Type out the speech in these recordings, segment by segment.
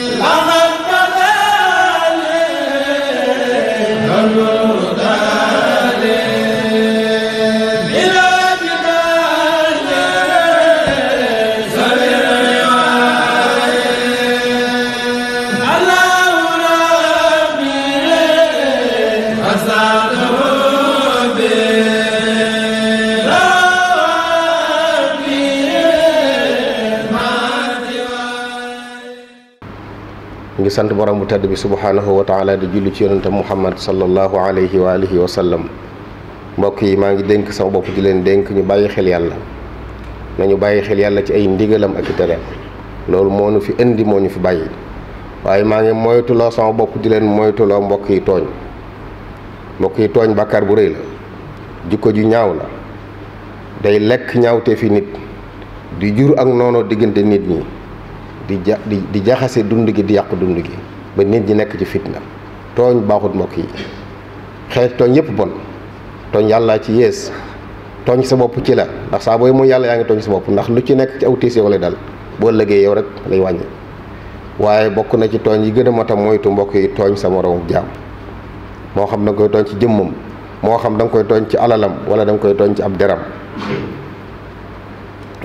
love. ngi sant borom bu tedd bi subhaanahu wa taala di julli ci yonente muhammad sallallahu alayhi wa alihi wa sallam mbokk yi maa ngi dénk sama bopp di leen dénk ñu bàyyi xel yàlla nañu bàyyi xel yàlla ci ay ndigalam ak i tereem loolu moo ñu fi indi moo ñu fi bàyyi waaye maa ngi moytuloo sama bopp di leen moytuloo mbokk yi tooñ mbokk yi tooñ bàkkaar bu rëy la jikko ju ñaaw la day lekk ñaawte fii nit di jur ak noonoo diggante nit ñi di ja di di jaxase dund gi di yàq dund gi ba nit ñi nekk ci fitna tooñ baaxut mbokk yi xeet tooñ yëpp bon tooñ yàlla ci yées tooñ sa bopp ci la ndax saa booy mooy yàlla yaa ngi tooñ sa bopp ndax lu ci nekk ci aw tiis yow lay dal boo lëggee yow rek lay wàññi waaye bokk na ci tooñ yi gën a mat moytu mbokk yi tooñ sa moroom jaam moo xam da koy tooñ ci jëmmam moo xam da koy tooñ ci alalam wala da koy tooñ ci ab deram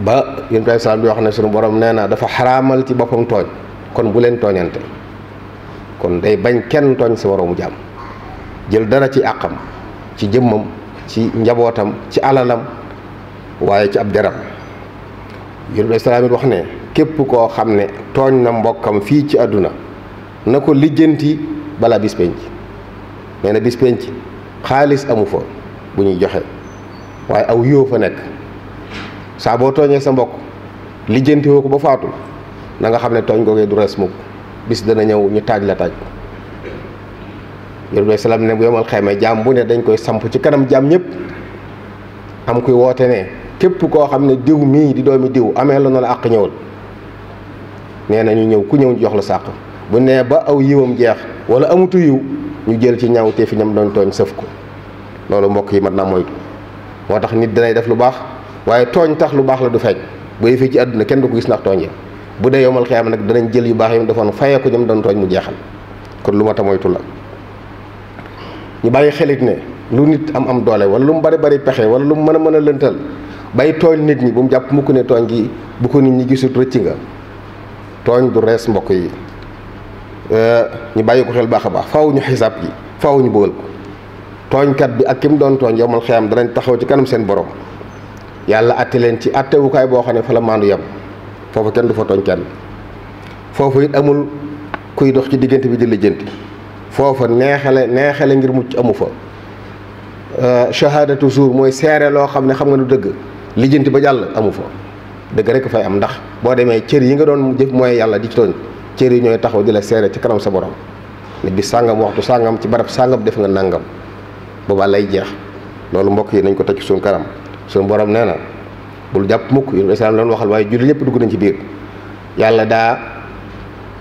ba yonent bi salaam bi wax ne sunu boroom nee na dafa xaraamal ci boppam tooñ kon bu leen tooñante kon day bañ kenn tooñ si waroomu jàmm jël dara ci àqam ci jëmmam ci njabootam ci alalam waaye ci ab deram yonent bi wax ne képp koo xam ne tooñ na mbokkam fii ci àdduna na ko lijjanti balaa bis penc nee na bis penc xaalis amu fa bu ñuy joxe waaye aw yoo fa nekk saa boo tooñee sa mbokk lijjanti ko ba faatu na nga xam ne tooñ googee du rees mukk bis dana ñëw ñu taaj la taaj yóbbu salaam ne bu yomal xeemee jaam bu ne dañ koy samp ci kanam jaam ñëpp am kuy woote ne képp koo xam ne diw mii di doomi diw amee la na la àq ñëwal nee na ñu ñëw ku ñëw jox la sàq bu nee ba aw yiwam jeex wala amatu yiw ñu jël ci ñaw ñaawtee fi ñam doon tooñ sëf ko loolu mbokk yi mat naa moytu moo tax nit danay def lu baax waaye tooñ tax lu baax la du feeñ bu fii ci àdduna kenn du ko gis ndax tooñ ya bu dee yomal xiyaam nag danañ jël yu baax yi mu defoon fayee ko ñoom doon tooñ mu kon lu ma ta moytu ñu bàyyi xelit ne lu nit am am doole wala lu mu bari bari pexe wala lu mu mën a mën a lëntal bay tooñ nit ñi bu mu jàpp mukk ne tooñ gi bu ko nit ñi gisut rëcc nga tooñ du rees mbokk yi euh, ñu bàyyi ko xel baax a baax faaw ñu xisaab gi faaw ñu bëggal ko tooñkat bi ak ki mu doon tooñ yomal xiyaam danañ taxaw ci kanam seen borom yàlla atte leen ci attewukaay boo xam ne fa la maandu yem foofu kenn du fa tooñ kenn foofu it amul kuy dox ci diggante bi di lijjanti foofa neexale neexale ngir mucc amu fa euh, shahadatu toujours mooy seere loo xam ne xam nga nu dëgg lijjanti ba jàll amu fa dëgg rek fay am ndax boo demee cër yi nga doon jëf mooy yàlla di ci tooñ cër yi ñooy taxaw di la seere ci kanam sa borom ne bi sàngam waxtu sàngam ci barab sàngam def nga nàngam boobaa lay jeex loolu mbokk yi nañ ko teg ci suñu kanam suñu borom nee na bul jàpp mukk yéen islam la waxal waaye julli yépp dugg nañ ci biir yàlla daa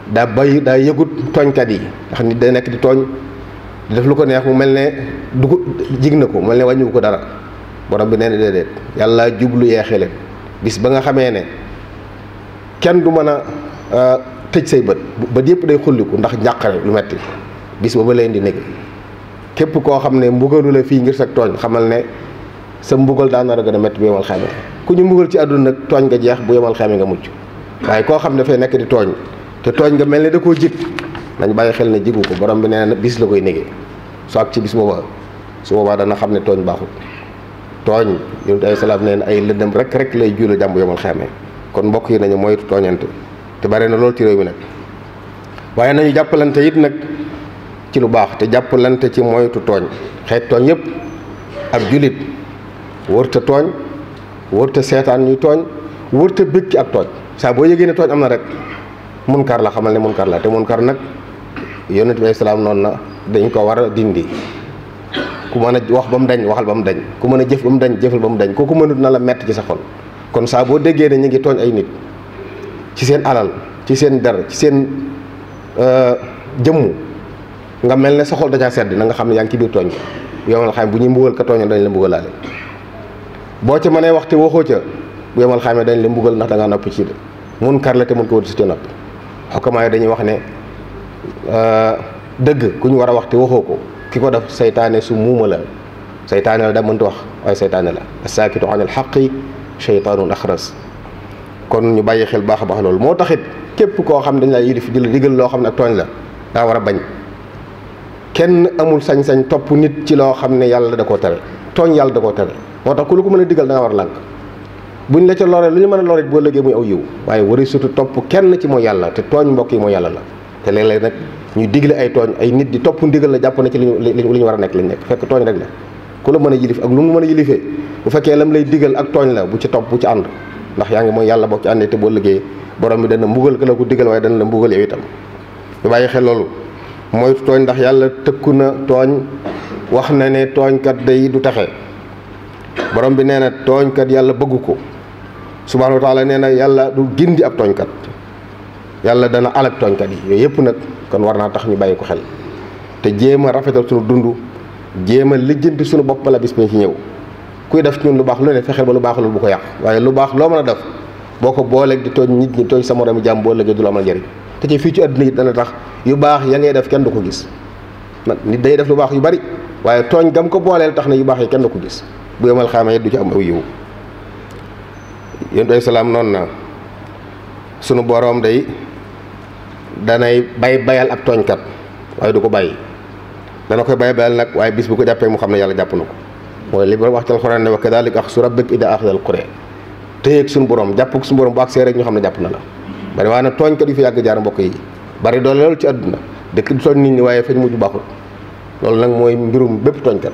daa bay daa yëgut tooñkat yi ndax nit nekk di tooñ di def lu ko neex mu mel ne dugg jig na ko mel ne wàññiwu ko dara borom bi nee na déedéet yàlla jublu yeexele bis ba nga xamee ne kenn du mën a euh, tëj say bët bët yépp day xulliku ndax njàqare lu metti bis ba leen di nekk képp koo xam ne mbugalu la fii ngir sag tooñ xamal ne sa mbugal daan nar a gën a métti bu yemal xame ku ñu mbugal ci àdduna nag tooñ nga jeex bu yemal xame nga mucc waaye koo xam ne dafay nekk di tooñ te tooñ nga mel ne da koo jig nañ bàyyi xel ne jigu ko borom bi nee na bis la koy négee soo ak ci bis booba su boobaa dana xam ne tooñ baaxul tooñ yonent ay salaam nee na ay lëndëm rek rek lay juula jàmb yomal xame kon mbokk yi nañu moytu tooñante te bare na lool ci réew mi nag waaye nañu jàppalante it nag ci lu baax te jàppalante ci moytu tooñ xeet tooñ yëpp ab wërta tuan, wërta setan ñuy togn wërta bëgg ak togn sa bo yëgee ni togn amna rek munkar la xamal ni munkar la te munkar nak yonent bi islaam na dañ ko wara dindi ku mëna wax bam dañ waxal bam jeff dañ ku mëna jëf bam dañ jëfal bam dañ koku mënut na la metti ci sa xol kon sabu de déggé ne ñi ngi tooñ ay nit ci seen alal ci seen der ci seen euh, jëm nga melne sa xol da ca sedd na nga xam ne yaa ngi ci nga xam bu ñi mbugal ka togn dañ la mbugalale boo ca mënee waxte waxoo ca bu yemal xaamee dañ la mbugal ndax da ngaa noppi ci mun kar mun ko wut si te noppi dañuy wax ne euh, dëgg ku ñu war a waxte waxoo ko ki ko def saytaane su muuma la saytaane da mënta wax waaye saytaane la asaakitu an alxaqi cheytaanun axras kon ñu bàyyi xel baax a baax loolu moo taxit képp koo xam dañ lay yilif di la digal loo xam ne ak tooñ la war a bañ kenn amul sañ-sañ topp nit ci loo xam ne yàlla da koo tere tooñ yàlla da koo tere moo tax ku lu ko mën a digal da nga war lànk buñ la ca loree lu ñu mën a loree boo lëggee muy aw yiw waaye wari topp kenn ci mooy yàlla te tooñ mbokk yi mooy yàlla la te léeg-léeg nag ñuy digle ay tooñ ay nit di topp ndigal la jàpp na ci li ñu war a nekk lañ nekk fekk tooñ rek la ku la mën a yilif ak lu mu mën a yilifee bu fekkee lam lay digal ak tooñ la bu ci topp bu ci ànd ndax yaa ngi mooy yàlla boo ci àndee te boo liggéey borom bi dana mbugal ka la ko digal waaye dana la mbugal yow itam ñu loolu mooy tooñ ndax yàlla tëkku na tooñ wax na ne tooñkat day du taxe borom bi nee na tooñkat yàlla bëggu ko subhaana wa taala nee na yàlla du gindi ab tooñkat yàlla dana alak tooñkat yi yooyu yëpp nag kon war naa tax ñu bàyyi ko xel te jéem a rafetal suñu dund jéem a lijjanti suñu bopp la bis ci ñëw kuy def ñun lu baax lu ne fexeel ba lu baax loolu bu ko yàq waaye lu baax loo mën a def boo ko booleeg di tooñ nit ñi tooñ sama moromi jàmm boo léegi du la amal njëriñ te ci fii ci àdduna yi dana tax yu baax ya ngay def kenn du ko gis nag nit day def lu baax yu bari waaye tooñ gam ko booleel tax na yu baax kenn du ko gis bu yomal xaamee du ci am aw yiw yontu ay salaam noonu na sunu boroom day danay bay bayal ab tooñkat waaye du ko bàyyi dana koy bay bayal nag waaye bis bu ko jàppee mu xam ne yàlla jàpp na ko mooy li ba wax ci alxuraan ne wa kadaalika axzu rabbika idaa axzal quree téyeeg suñu borom jàpp ko suñu borom bu rek ñu xam ne jàpp na la bari waa ne tooñkat yu fi yàgg jaar mbokk yi bari doole loolu ci àdduna dëkk du tooñ nit ñi waaye fañ mujj baaxul loolu nag mooy mbirum bépp tooñkat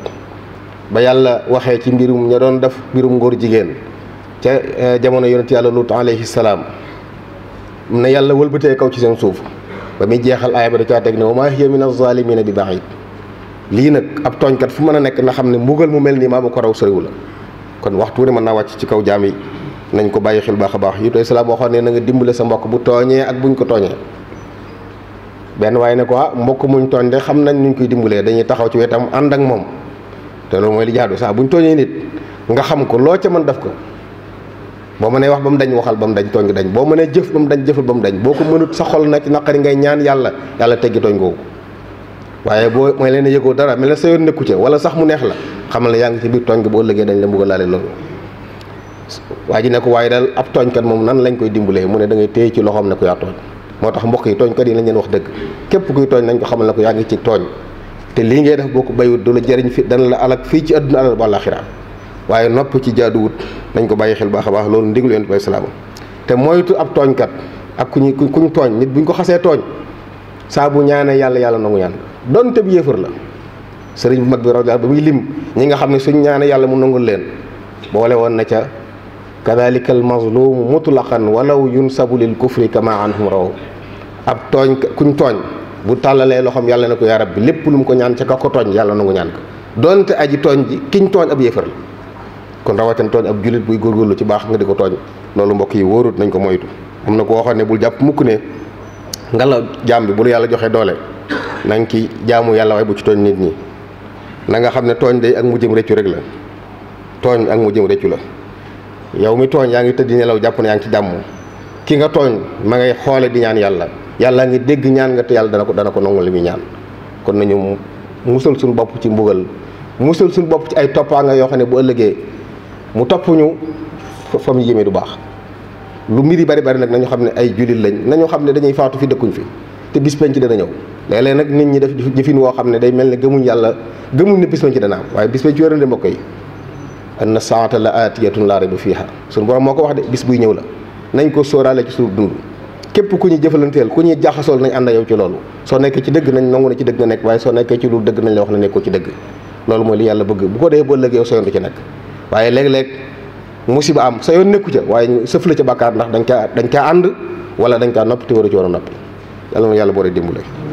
ba yalla waxe ci mbirum ña doon def mbirum ngor jigen ca eh, jamono yaronte yalla lut alayhi salam na yalla wëlbatee kaw ci seen suuf ba mi jeexal aaya ba da ca tek ne wa hiya min az-zalimin bi baid li nak ab kat fu meuna nek na xamne mugal mbugal mu melni ma ko raw sooyula kon waxtu wu ne mën naa ci kaw jami nañ ko bàyyi xel baax a baax yutoo islaam waxoon ne na nga dimbulé sa mbokk bu tooñee ak buñ ko ben way ne ko ah, mbokk muñ de koy dimbulé dañuy taxaw ci wétam and ak mom te loolu mooy li jaadu saa bu ñu tooñee nit nga xam ko loo ca man def ko boo mënee wax ba mu dañ waxal ba mu dañ tooñ dañ boo mënee jëf ba mu dañ jëfal ba mu dañ boo ko mënut sa xol nag naqari ngay ñaan yàlla yàlla teggi tooñ googu waaye boo mooy leen yëgoo dara mel ne sa yoon nekku ca wala sax mu neex la xamal ne yaa ngi ci biir tooñ gi boo ëllëgee dañ la bëgg a laale loolu waa ji ne ko waaye daal ab tooñkat moom nan lañ koy dimbalee mu ne da ngay téye ci loxoom ne ko yaa tooñ moo tax mbokk yi tooñkat yi lañ leen wax dëgg képp kuy tooñ nañ ko xamal ne ko yaa ngi ci tooñ te lii ngay def boo ko bayiwut du la jariñ fi dana la alak fii ci àdduna alal balaxira waaye nopp ci jaaduwut nañ ko bàyyi xel baax a baax loolu ndiglu yonent bi salaam te moytu ab tooñkat ak ñu ku tooñ nit bu ñu ko xasee tooñ saa bu ñaanee yàlla yàlla nangu ñaan donte bi la sëriñ bu mag bi rawatina ba muy ñi nga xam ne suñ ñaanee yàlla mu nangul leen boole woon na ca kadalika al mazlumu mutlaqan walaw yunsabu lil kufri kama anhum raw ab tooñ kuñ tooñ bu tàllalee loxoom yàlla na ko yaa bi lépp lu mu ko ñaan ca ka ko tooñ yàlla nangu ñaan ko donte aji tooñ ji kiñ tooñ ab yéefar la kon rawatina tooñ ab jullit buy góorgóorlu ci baax nga di ko tooñ loolu mbokk yi wóorut nañ ko moytu am na ko waxoon ne bul jàpp mukk ne ngelaw jaam bi bu la yàlla joxee doole na nga ki jaamu yàlla waaye bu ci tooñ nit ñi na nga xam ne tooñ de ak mu jëm réccu rek la tooñ ak mu jëm réccu la yow mi tooñ yaa ngi tëdd nelaw jàpp ne ngi ci jàmm ki nga tooñ ma ngay xoole di ñaan yàlla yàlla ngi dégg ñaan nga te yàlla dana ko dana ko nangu li muy ñaan kon nañu musal suñu bopp ci mbugal musal suñu bopp ci ay toppaanga yoo xam ne bu ëllëgee mu topp ñu fa mu yéeme du baax lu mbir yi bari nag nañu xam ne ay jullit lañ nañu xam ne dañuy faatu fi dëkkuñ fi te bis ci dana ñëw léeg-léeg nag nit ñi def jëfin woo xam ne day mel ne gëmuñ yàlla gëmuñ ne bis ci danaam waaye bis penc wérante mbokk yi anna saata la aatiyatun laa rayba fiiha suñu borom moo ko wax de bis buy ñëw la nañ ko sóoraale ci dund képp ku ñu jëfalanteel ku ñuy jaxasoo nañ ànd ak yow ci loolu soo nekkee ci dëgg nañ nangu ne ci dëgg nga nekk waaye soo nekkee ci lu dëgg nañ la wax ne nekkoo ci dëgg loolu mooy li yàlla bëgg bu ko dee ba ëllëg yow sa yoon du ci nekk waaye léeg-léeg musiba am sa yoon nekku ca waaye sëf la ca bàkkaar ndax dañ caa dañ kaa ànd wala dañ kaa nopp te war a ci war a noppi yàlla na yàlla boole dimbale